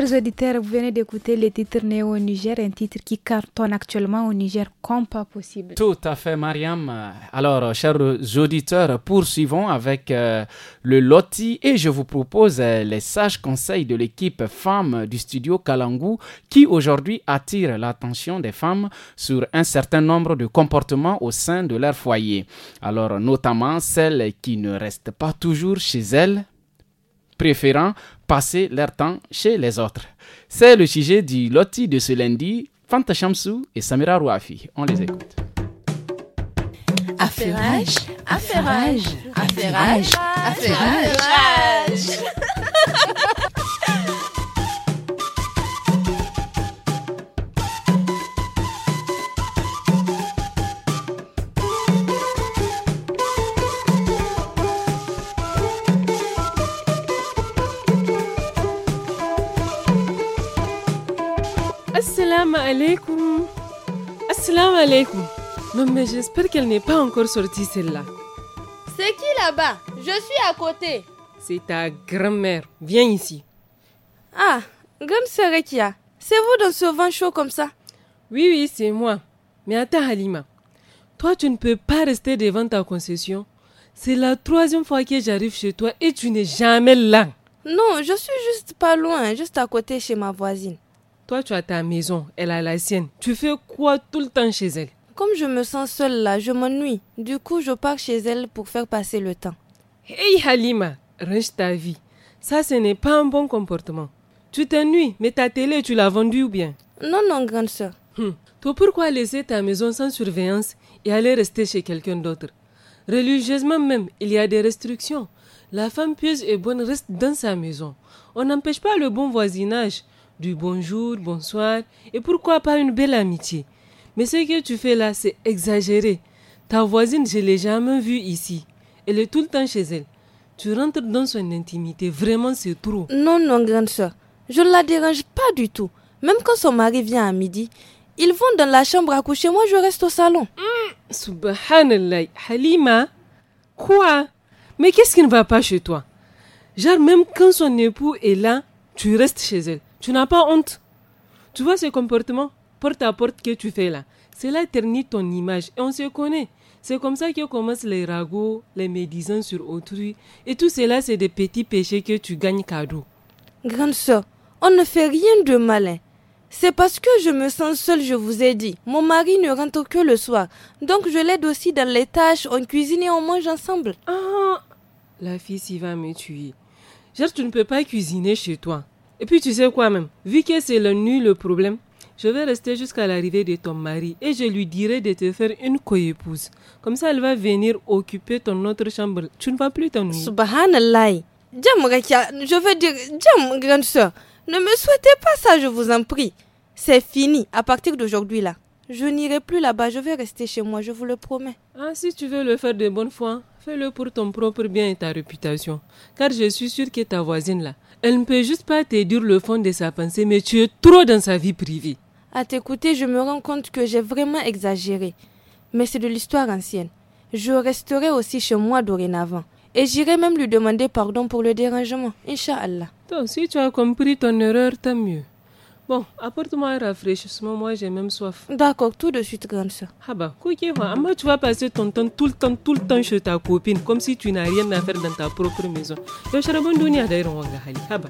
S2: Chers auditeurs, vous venez d'écouter le titre Néo au Niger, un titre qui cartonne actuellement au Niger comme pas possible.
S1: Tout à fait, Mariam. Alors, chers auditeurs, poursuivons avec euh, le loti et je vous propose euh, les sages conseils de l'équipe femmes du studio Kalangu qui aujourd'hui attire l'attention des femmes sur un certain nombre de comportements au sein de leur foyer. Alors, notamment celles qui ne restent pas toujours chez elles préférant passer leur temps chez les autres. C'est le sujet du loti de ce lundi. Fanta Shamsou et Samira Rouafi. On les écoute.
S18: Assalamu alaikum. Assalamu alaikum. Non mais j'espère qu'elle n'est pas encore sortie celle-là.
S7: C'est qui là-bas Je suis à côté.
S18: C'est ta grand-mère. Viens ici. Ah, grande sœur Rekia, c'est vous dans ce vent chaud comme ça Oui, oui, c'est moi. Mais attends Halima, toi tu ne peux pas rester devant ta concession. C'est la troisième fois que j'arrive chez toi et tu n'es jamais là. Non, je suis juste
S7: pas loin, juste à côté chez ma voisine.
S18: Toi, tu as ta maison, elle a la sienne. Tu fais quoi tout le temps chez elle
S7: Comme je me sens seule là, je m'ennuie. Du coup, je pars chez elle pour faire
S18: passer le temps. Hey Halima, range ta vie. Ça, ce n'est pas un bon comportement. Tu t'ennuies, mais ta télé, tu l'as vendue ou bien Non, non, grande soeur. Hum. Toi, pourquoi laisser ta maison sans surveillance et aller rester chez quelqu'un d'autre Religieusement même, il y a des restrictions. La femme pieuse et bonne reste dans sa maison. On n'empêche pas le bon voisinage du bonjour, bonsoir, et pourquoi pas une belle amitié. Mais ce que tu fais là, c'est exagéré. Ta voisine, je l'ai jamais vue ici. Elle est tout le temps chez elle. Tu rentres dans son intimité, vraiment c'est trop. Non, non, grande soeur, je ne la dérange pas du tout. Même quand son mari vient à midi, ils vont dans la chambre à coucher, moi je reste au salon. Hmm, subhanallah, Halima, quoi Mais qu'est-ce qui ne va pas chez toi Genre, même quand son époux est là, tu restes chez elle. Tu n'as pas honte. Tu vois ce comportement porte à porte que tu fais là. Cela ternit ton image et on se connaît. C'est comme ça que commencent les ragots, les médisances sur autrui. Et tout cela, c'est des petits péchés que tu gagnes cadeau. Grande
S7: sœur, on ne fait rien de malin. C'est parce que je me sens seule, je vous ai dit. Mon mari ne rentre que le soir. Donc je l'aide aussi dans les tâches, on cuisine et on mange ensemble.
S18: Ah La fille s'y va me tuer. Gère, tu ne peux pas cuisiner chez toi. Et puis tu sais quoi même, vu que c'est la nuit le problème, je vais rester jusqu'à l'arrivée de ton mari et je lui dirai de te faire une coépouse. Comme ça, elle va venir occuper ton autre chambre. Tu ne vas plus t'ennuyer. Subhanallah. Je veux dire, Djam, grande
S7: soeur, ne me souhaitez pas ça, je vous en prie. C'est fini, à partir d'aujourd'hui là. Je n'irai plus là-bas, je vais rester chez moi, je vous le promets.
S18: Ah, si tu veux le faire de bonne foi, fais-le pour ton propre bien et ta réputation. Car je suis sûre que ta voisine là, elle ne peut juste pas te dire le fond de sa pensée, mais tu es trop dans sa vie privée.
S7: À t'écouter, je me rends compte que j'ai vraiment exagéré. Mais c'est de l'histoire ancienne. Je resterai aussi chez moi dorénavant. Et j'irai même lui demander pardon pour le dérangement, Inch'Allah.
S18: Toi aussi tu as compris ton erreur, tant mieux. Bon, apporte-moi un rafraîchissement, moi j'ai même soif. D'accord, tout de suite, grande soeur. Ah bah, moi tu vas passer ton temps tout le temps, tout le temps chez ta copine, comme si tu n'as rien à faire dans ta propre maison. Yo, bon dunia d'ailleurs, on va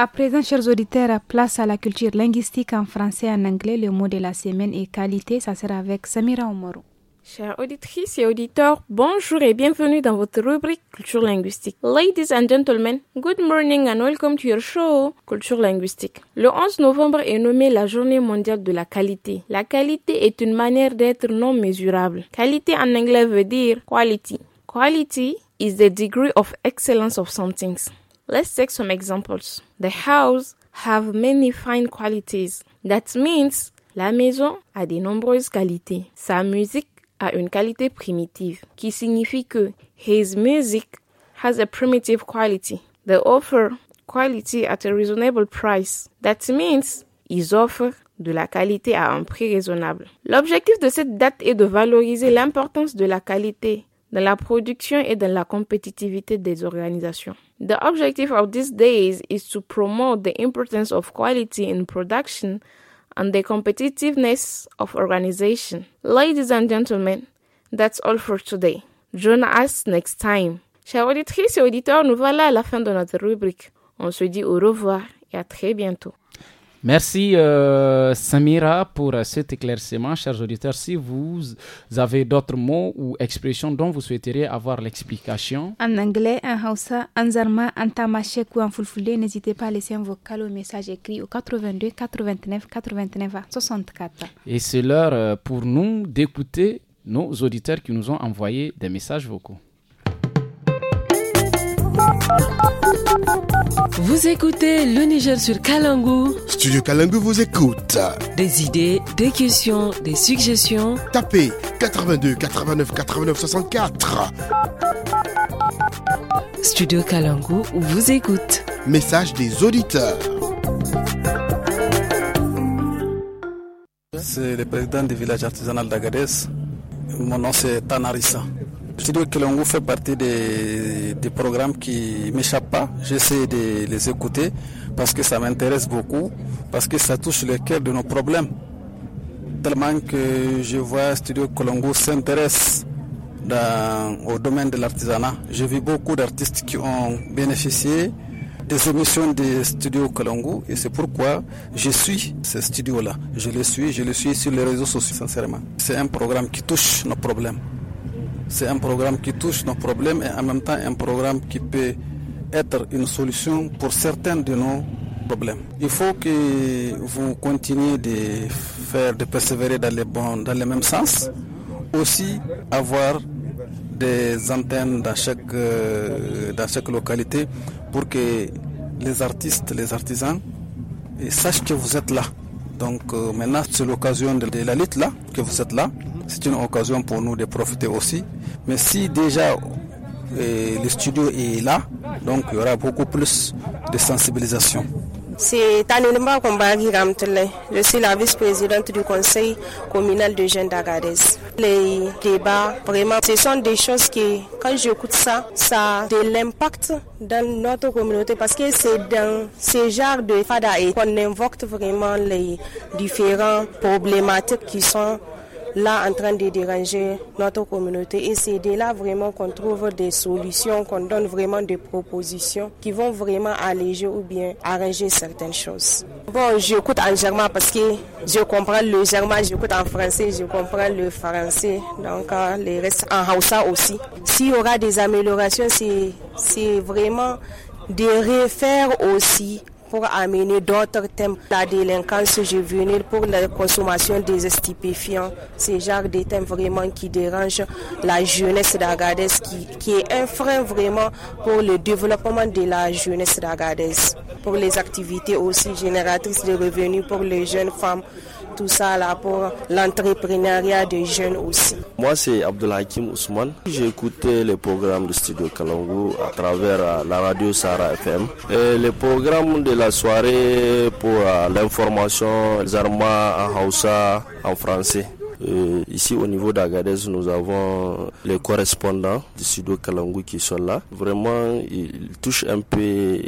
S2: À présent, chers auditeurs, place à la culture linguistique en français et en anglais. Le mot de la semaine est qualité. Ça sera avec Samira Omoro.
S14: Chers auditrices et auditeurs, bonjour et bienvenue dans votre rubrique Culture linguistique. Ladies and gentlemen, good morning and welcome to your show Culture linguistique. Le 11 novembre est nommé la journée mondiale de la qualité. La qualité est une manière d'être non mesurable. Qualité en anglais veut dire quality. Quality is the degree of excellence of something. Let's take some examples. The house have many fine qualities. That means la maison a de nombreuses qualités. Sa musique a une qualité primitive, qui signifie que his music has a primitive quality. They offer quality at a reasonable price. That means ils offrent de la qualité à un prix raisonnable. L'objectif de cette date est de valoriser l'importance de la qualité dans la production et dans la compétitivité des organisations. The objective of these days is to promote the importance of quality in production and the competitiveness of organization. Ladies and gentlemen, that's all for today. Join us next time. Chers auditrices et auditeurs, nous voilà à la fin de notre rubrique. On se dit au revoir et à très bientôt.
S1: Merci euh, Samira pour euh, cet éclaircissement. Chers auditeurs, si vous avez d'autres mots ou expressions dont vous souhaiteriez avoir l'explication.
S2: En anglais, en hausa, en zarma, en tamashek ou en fulfulé, n'hésitez pas à laisser un vocal ou message écrit au 82 89 89 64.
S1: Et c'est l'heure euh, pour nous d'écouter nos auditeurs qui nous ont envoyé des messages vocaux.
S18: Vous écoutez le Niger sur Kalangu.
S4: Studio Kalangu vous
S18: écoute. Des idées, des questions, des suggestions. Tapez 82 89 89 64. Studio Kalangu vous écoute. Message des auditeurs.
S19: C'est le président du village artisanal d'Agadez. Mon nom c'est Tanarissa. Studio Kalangu fait partie des, programmes qui m'échappent pas. J'essaie de les écouter parce que ça m'intéresse beaucoup, parce que ça touche le cœur de nos problèmes. Tellement que je vois Studio Colongo s'intéresse au domaine de l'artisanat. J'ai vu beaucoup d'artistes qui ont bénéficié des émissions de studio Colongo et c'est pourquoi je suis ce studio-là. Je le suis, je le suis sur les réseaux sociaux, sincèrement. C'est un programme qui touche nos problèmes. C'est un programme qui touche nos problèmes et en même temps un programme qui peut être une solution pour certains de nos problèmes. Il faut que vous continuiez de faire, de persévérer dans les dans le même sens. Aussi avoir des antennes dans chaque, euh, dans chaque localité pour que les artistes, les artisans sachent que vous êtes là. Donc euh, maintenant, c'est l'occasion de, la lutte là, que vous êtes là c'est une occasion pour nous de profiter aussi. Mais si déjà euh, le studio est là, donc il y aura beaucoup plus de sensibilisation.
S10: C'est Tanilma Kombagi Ramtele. Je suis la vice-présidente du conseil communal de jeunes d'Agadez. Les débats, vraiment, ce sont des choses qui, quand j'écoute ça, ça a de l'impact dans notre communauté parce que c'est dans ce genre de fadaï qu'on invoque vraiment les différentes problématiques qui sont là en train de déranger notre communauté. Et c'est de là vraiment qu'on trouve des solutions, qu'on donne vraiment des propositions qui vont vraiment alléger ou bien arranger certaines choses. Bon, j'écoute en germain parce que je comprends le germain, j'écoute en français, je comprends le français, donc euh, les restes en haussa aussi. S'il y aura des améliorations, c'est vraiment de refaire aussi pour amener d'autres thèmes, la délinquance juvénile pour la consommation des stupéfiants, ce genre de thèmes vraiment qui dérangent la jeunesse d'Agadez, qui, qui, est un frein vraiment pour le développement de la jeunesse d'Agadez, pour les activités aussi génératrices de revenus pour les jeunes femmes tout ça là pour l'entrepreneuriat des jeunes aussi. Moi,
S4: c'est Abdelhakim Ousmane. J'ai écouté le programme de Studio Kalangu à travers euh, la radio Sarah FM. Et le programme de la soirée pour euh, l'information, les armes en Hausa, en français. Euh, ici au niveau d'Agadez, nous avons les correspondants du sud Kalangou qui sont là. Vraiment, ils touchent un peu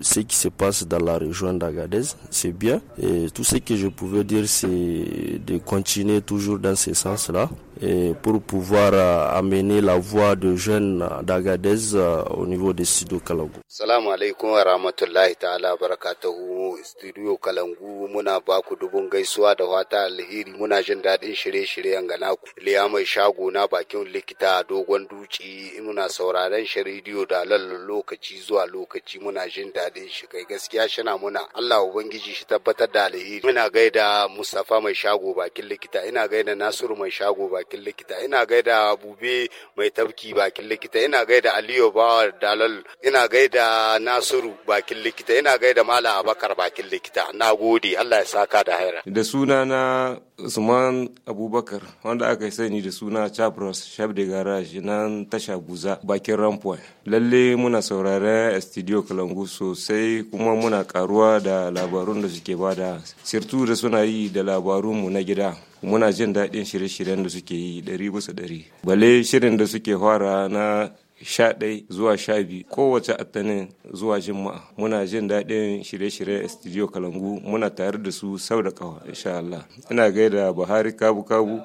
S4: ce qui se passe dans la région d'Agadez. C'est bien. Et tout ce que je pouvais dire, c'est de continuer toujours dans ce sens-là. et pour pouvoir euh, amener la voix de jeunes d'Agadez euh, au niveau de Sido Kalangu.
S11: Salam alaikum wa rahmatullahi ta'ala barakatuhu studio Kalangu muna baku dubun gaisuwa da wata alheri muna jin daɗin shirye-shiryen gana ku. Liya mai shago na bakin likita dogon duci muna sauraron shi rediyo da lallon lokaci zuwa lokaci muna jin daɗin shi kai gaskiya shina muna Allah ubangiji shi tabbatar da alheri. Muna gaida Mustapha mai shago bakin likita ina gaida Nasiru mai shago bakin bakin likita ina gaida bube mai tabki bakin likita ina gaida aliyu bawa dalal ina gaida nasiru bakin likita ina gaida mala abakar bakin likita na gode allah ya saka da haira
S13: da suna na usman abubakar wanda aka sani da suna chapros shaf de garage na tasha buza bakin rampoy lalle muna sauraren studio kalangu sosai kuma muna karuwa da labarun da suke bada sirtu da suna yi da labarunmu na gida muna jin daɗin shirye-shiryen da suke yi ɗari bisa ɗari bale shirin da suke fara na sha ɗai zuwa sha biyu kowace attanin zuwa juma'a. muna jin daɗin shirye-shiryen studio kalangu muna tare da su sau da ƙawa insha Allah ina gaida Buhari kabu-kabu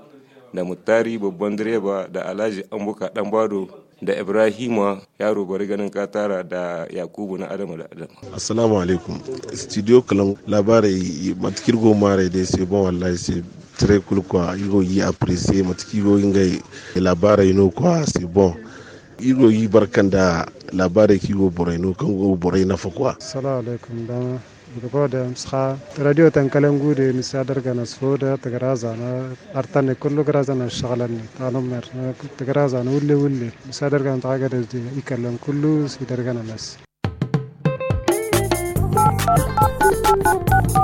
S13: da Muttari babban direba da Alhaji Ambuka ɗan bado da Ibrahima yaro bari ganin katara da Yakubu na Adamu da Adamu.
S4: Assalamu alaikum. Studio Kalangu labarai matakir goma rai dai sai ban wallahi sai très cool quoi il go yi apprécier matiki go ngay labara ino quoi c'est bon il go yi barkanda labara ki go boreno kan go borena fa
S5: quoi Salam alaikum dama gode msha radio tankalen gude misadar gana soda tagaraza na artane kullu garaza na shagalan tanum mer tagaraza na ulle ulle misadar gana tagada ikalen kullu sidar gana nas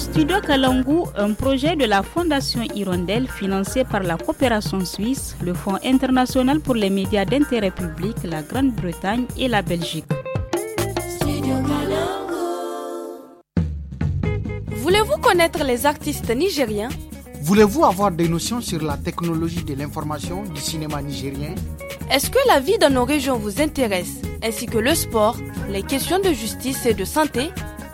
S14: studio Kalangu, un projet de la Fondation Hirondelle financé par la coopération suisse, le Fonds international pour les médias d'intérêt public, la Grande-Bretagne et la Belgique.
S7: Voulez-vous connaître les artistes nigériens
S5: Voulez-vous avoir des notions sur la technologie de l'information du cinéma nigérien
S7: Est-ce que la vie dans nos régions vous intéresse, ainsi que le sport, les questions de justice et de santé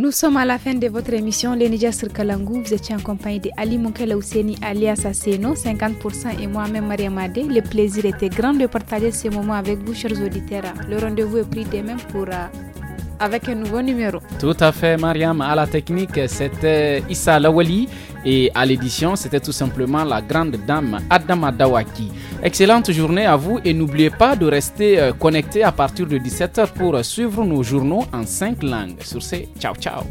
S2: Nous sommes à la fin de votre émission Les Niger Vous étiez en compagnie de Ali Moukela Ouseni alias Aseno, 50% et moi-même Mariam Ade. Le plaisir était grand de partager ce moment avec vous, chers auditeurs. Le rendez-vous est pris demain pour euh, avec un nouveau numéro.
S1: Tout à fait, Mariam. À la technique, c'était Issa Lawali et à l'édition, c'était tout simplement la grande dame Adama Dawaki. Excellente journée à vous et n'oubliez pas de rester euh, connecté à partir de 17h pour suivre nos journaux en 5 langues. Sur ce, ciao ciao.